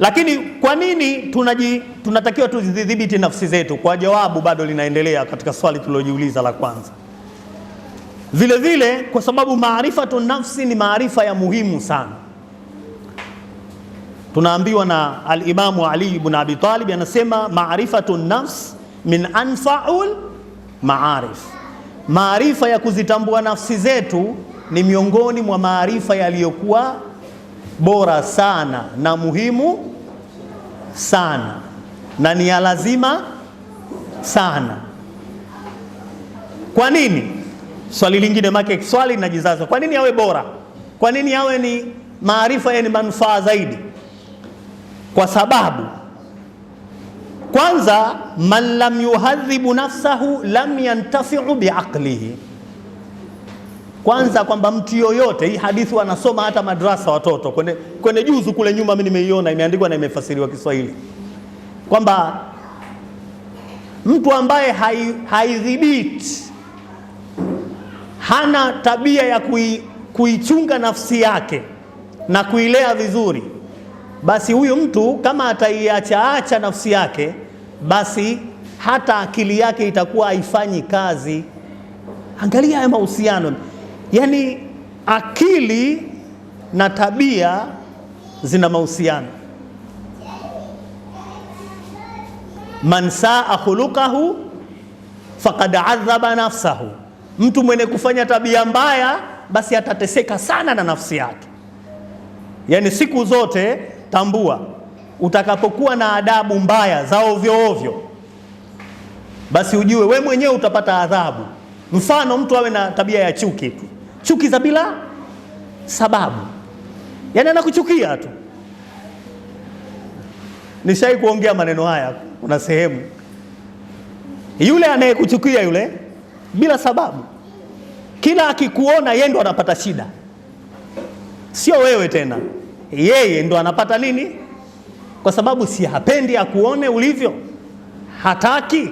Lakini kwa nini tunaji tunatakiwa tuzidhibiti nafsi zetu? Kwa jawabu bado linaendelea katika swali tulilojiuliza la kwanza. Vile vile kwa sababu maarifatu nafsi ni maarifa ya muhimu sana. Tunaambiwa na al-Imamu Ali ibn Abi Talib anasema, maarifatu nafs min anfaul maarif, maarifa ya kuzitambua nafsi zetu ni miongoni mwa maarifa yaliyokuwa bora sana na muhimu sana na ni ya lazima sana. Kwa nini? Swali lingine make swali linajizaza, kwa nini awe bora? Kwa nini awe ni maarifa yenye yaani manufaa zaidi? Kwa sababu kwanza, man lam yuhadhibu nafsahu lam yantafiu biaqlihi kwanza kwamba mtu yoyote, hii hadithi wanasoma hata madrasa watoto, kwenye, kwenye juzu kule nyuma mimi nimeiona imeandikwa na imefasiriwa Kiswahili kwamba mtu ambaye haidhibiti hai hana tabia ya kui, kuichunga nafsi yake na kuilea vizuri, basi huyu mtu kama ataiachaacha nafsi yake, basi hata akili yake itakuwa haifanyi kazi. Angalia haya mahusiano. Yaani akili na tabia zina mahusiano. Man saa khuluqahu faqad adhaba nafsahu, mtu mwenye kufanya tabia mbaya basi atateseka sana na nafsi yake. Yaani siku zote tambua, utakapokuwa na adabu mbaya za ovyo ovyo, basi ujue we mwenyewe utapata adhabu. Mfano, mtu awe na tabia ya chuki tu chuki za bila sababu, yaani anakuchukia tu. Nishai kuongea maneno haya, kuna sehemu yule anayekuchukia yule bila sababu, kila akikuona yeye ndo anapata shida, sio wewe tena, yeye ndo anapata nini? Kwa sababu si hapendi akuone ulivyo, hataki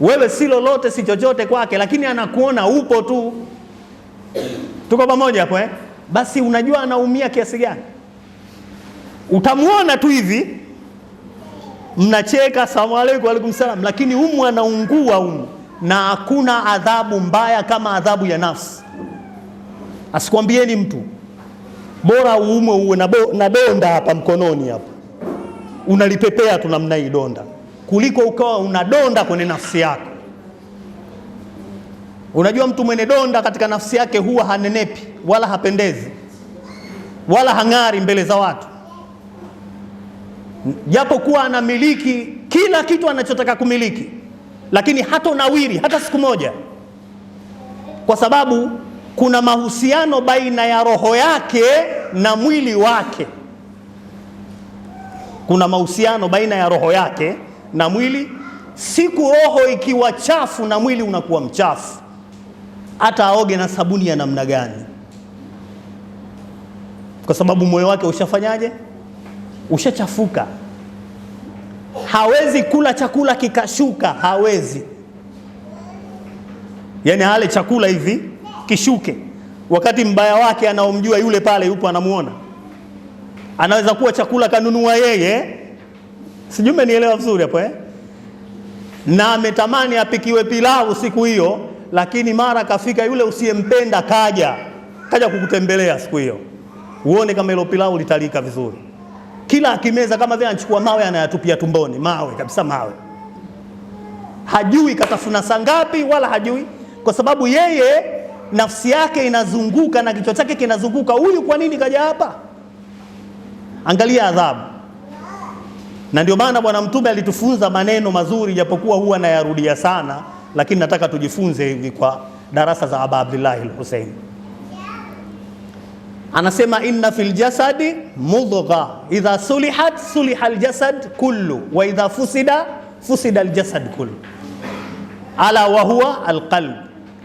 wewe si lolote si chochote kwake, lakini anakuona upo tu. Tuko pamoja hapo eh? Basi unajua anaumia kiasi gani? Utamwona tu hivi mnacheka, salamu alaykum, wa alaykum salam, lakini humu anaungua umu, na hakuna adhabu mbaya kama adhabu ya nafsi. Asikwambieni mtu, bora uumwe uwe na donda hapa mkononi hapa, unalipepea tu namna hii donda kuliko ukawa unadonda kwenye nafsi yako. Unajua, mtu mwenye donda katika nafsi yake huwa hanenepi wala hapendezi wala hang'ari mbele za watu, japokuwa anamiliki kila kitu anachotaka kumiliki, lakini hata nawiri hata siku moja, kwa sababu kuna mahusiano baina ya roho yake na mwili wake. Kuna mahusiano baina ya roho yake na mwili, siku roho ikiwa chafu na mwili unakuwa mchafu, hata aoge na sabuni ya namna gani, kwa sababu moyo wake ushafanyaje? Ushachafuka. Hawezi kula chakula kikashuka, hawezi yaani hale chakula hivi kishuke, wakati mbaya wake anaomjua yule pale yupo, anamuona. Anaweza kuwa chakula kanunua yeye Sijui mmenielewa vizuri hapo eh? Na ametamani apikiwe pilau siku hiyo, lakini mara kafika yule usiyempenda, kaja kaja kukutembelea siku hiyo, uone kama ilo pilau litalika vizuri. Kila akimeza kama vile anachukua mawe anayatupia tumboni, mawe kabisa, mawe. Hajui katafuna saa ngapi, wala hajui, kwa sababu yeye nafsi yake inazunguka na kichwa chake kinazunguka, huyu kwa nini kaja hapa? Angalia adhabu na ndio maana Bwana Mtume alitufunza maneno mazuri, japokuwa huwa nayarudia sana, lakini nataka tujifunze hivi kwa darasa za Aba Abdillahi al Anasema, inna fil jasadi mudgha idha sulihat suliha ljasad kullu wa idha fusida fusida aljasad kullu ala wa huwa alqalb.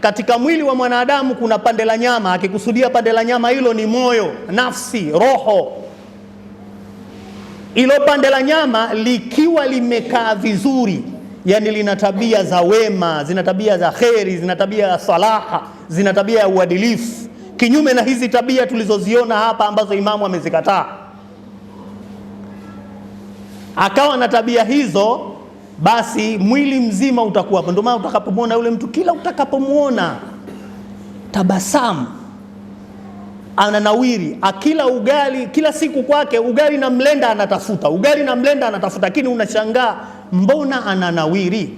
Katika mwili wa mwanadamu kuna pande la nyama, akikusudia pande la nyama hilo ni moyo, nafsi, roho ilo pande la nyama likiwa limekaa vizuri, yani lina tabia za wema, zina tabia za kheri, zina tabia ya salaha, zina tabia ya uadilifu, kinyume na hizi tabia tulizoziona hapa ambazo imamu amezikataa. Akawa na tabia hizo, basi mwili mzima utakuwa hapo. Ndio maana utakapomwona yule mtu, kila utakapomwona tabasamu ananawiri, akila ugali kila siku kwake ugali na mlenda anatafuta, ugali na mlenda anatafuta, lakini unashangaa mbona ananawiri?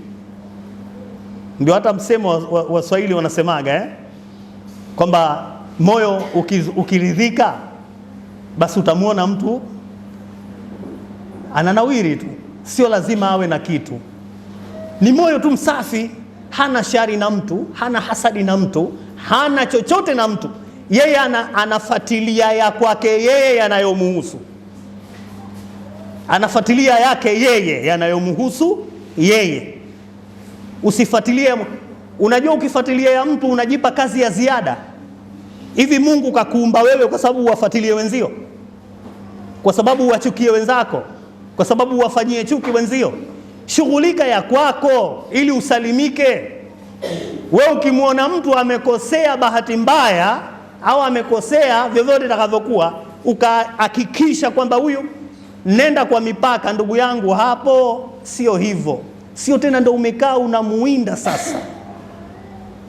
Ndio hata msemo wa Waswahili wanasemaga eh, kwamba moyo ukiridhika basi utamwona mtu ananawiri tu, sio lazima awe na kitu. Ni moyo tu msafi, hana shari na mtu, hana hasadi na mtu, hana chochote na mtu yeye ana, anafuatilia ya kwake yeye yanayomuhusu, anafuatilia yake yeye yanayomhusu yeye. Usifuatilie. Unajua, ukifuatilia ya mtu unajipa kazi ya ziada. Hivi Mungu kakuumba wewe kwa sababu uwafuatilie wenzio, kwa sababu uwachukie wenzako, kwa sababu uwafanyie chuki wenzio? Shughulika ya kwako ili usalimike. Wewe ukimwona mtu amekosea bahati mbaya au amekosea vyovyote itakavyokuwa, ukahakikisha kwamba huyu nenda kwa mipaka, ndugu yangu, hapo sio hivyo, sio tena. Ndo umekaa unamuinda sasa,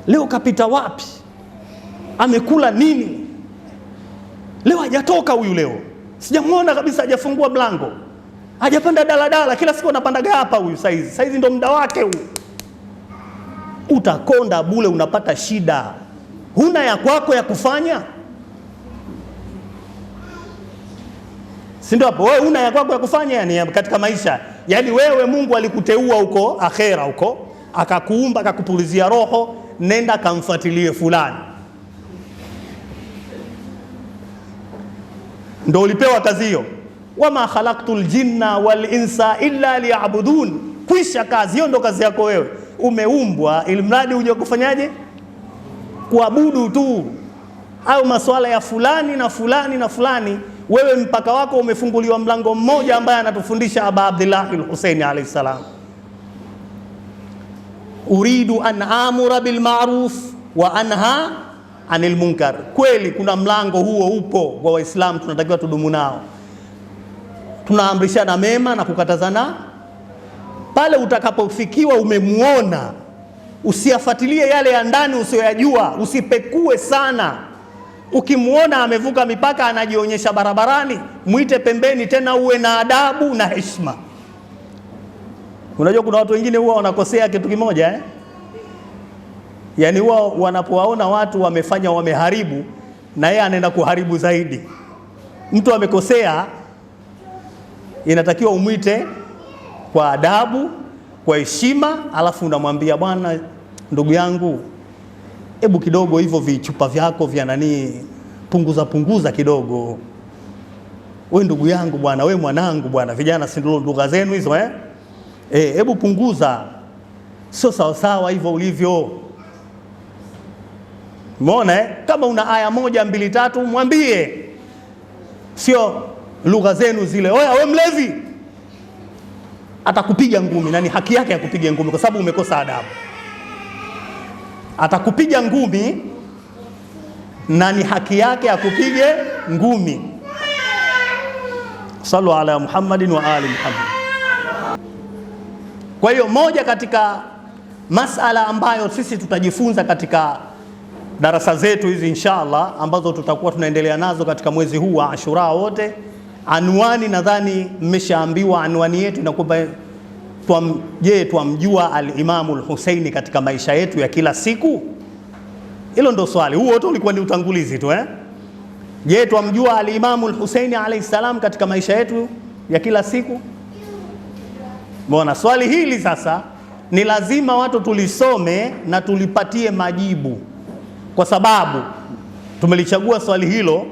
leo kapita wapi, amekula nini leo, hajatoka huyu leo, sijamwona kabisa, hajafungua mlango, hajapanda daladala, kila siku anapandaga hapa huyu, saizi saizi ndo muda wake huu. Utakonda bule, unapata shida huna ya kwako ya kufanya, si ndio? Hapo wewe huna ya kwako ya kufanya, yani katika maisha, yani wewe Mungu alikuteua huko akhera huko, akakuumba akakupulizia roho, nenda kamfuatilie fulani, ndo ulipewa kazi hiyo. Wama khalaqtul jinna wal insa illa liya'budun, kwisha kazi hiyo, ndo kazi yako wewe, umeumbwa mradi uje kufanyaje kuabudu tu au masuala ya fulani na fulani na fulani, wewe mpaka wako umefunguliwa mlango mmoja, ambaye anatufundisha Aba Abdillahi Lhuseini alaihi salam, uridu an amura bilmaruf wa anha anil munkar. Kweli kuna mlango huo upo kwa Waislamu, tunatakiwa tudumu nao, tunaamrishana mema na kukatazana. Pale utakapofikiwa umemuona usiyafuatilie yale ya ndani usiyoyajua, usipekue sana. Ukimwona amevuka mipaka, anajionyesha barabarani, mwite pembeni, tena uwe na adabu na heshima. Unajua kuna watu wengine huwa wanakosea kitu kimoja eh? Yaani huwa wanapowaona watu wamefanya, wameharibu, na yeye anaenda kuharibu zaidi. Mtu amekosea, inatakiwa umwite kwa adabu kwa heshima, alafu unamwambia bwana, ndugu yangu, hebu kidogo hivyo vichupa vyako vya nani, punguza punguza kidogo. We ndugu yangu bwana, we mwanangu bwana, vijana, si ndio lugha zenu hizo eh? E, hebu punguza, sio sawasawa hivyo ulivyo. Umeona eh? Kama una aya moja mbili tatu mwambie, sio lugha zenu zile. Oya we mlevi atakupiga ngumi na ni haki yake ya kupiga ngumi kwa sababu umekosa adabu. Atakupiga ngumi na ni haki yake kupiga ngumi. Sallu ala Muhammadin wa ali Muhammad. Kwa hiyo moja katika masala ambayo sisi tutajifunza katika darasa zetu hizi inshallah, ambazo tutakuwa tunaendelea nazo katika mwezi huu wa Ashura wote Anwani nadhani mmeshaambiwa anwani yetu na kwamba je, twamjua Alimamu Lhuseini katika maisha yetu ya kila siku? Hilo ndo swali. Huo wote ulikuwa ni utangulizi tu eh? Je, twamjua Alimamu Lhuseini alaihi salam katika maisha yetu ya kila siku? Mbona swali hili sasa ni lazima watu tulisome na tulipatie majibu, kwa sababu tumelichagua swali hilo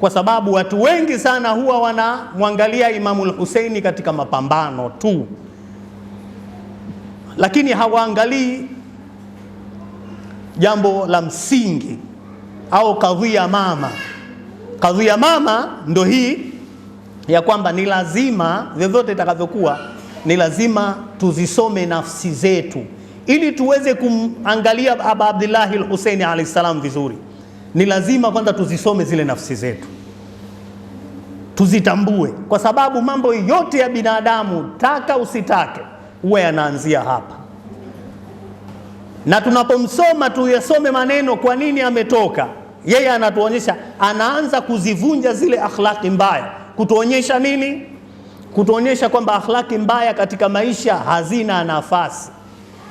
kwa sababu watu wengi sana huwa wanamwangalia imamu lhuseini katika mapambano tu, lakini hawaangalii jambo la msingi au kadhia mama. Kadhia mama ndo hii ya kwamba ni lazima, vyovyote itakavyokuwa, ni lazima tuzisome nafsi zetu ili tuweze kumangalia Aba Abdillahi Lhuseini alaihi ssalam vizuri ni lazima kwanza tuzisome zile nafsi zetu, tuzitambue, kwa sababu mambo yote ya binadamu, taka usitake, huwa yanaanzia hapa. Na tunapomsoma tuyasome maneno, kwa nini ametoka yeye, anatuonyesha anaanza kuzivunja zile akhlaki mbaya, kutuonyesha nini? Kutuonyesha kwamba akhlaki mbaya katika maisha hazina nafasi.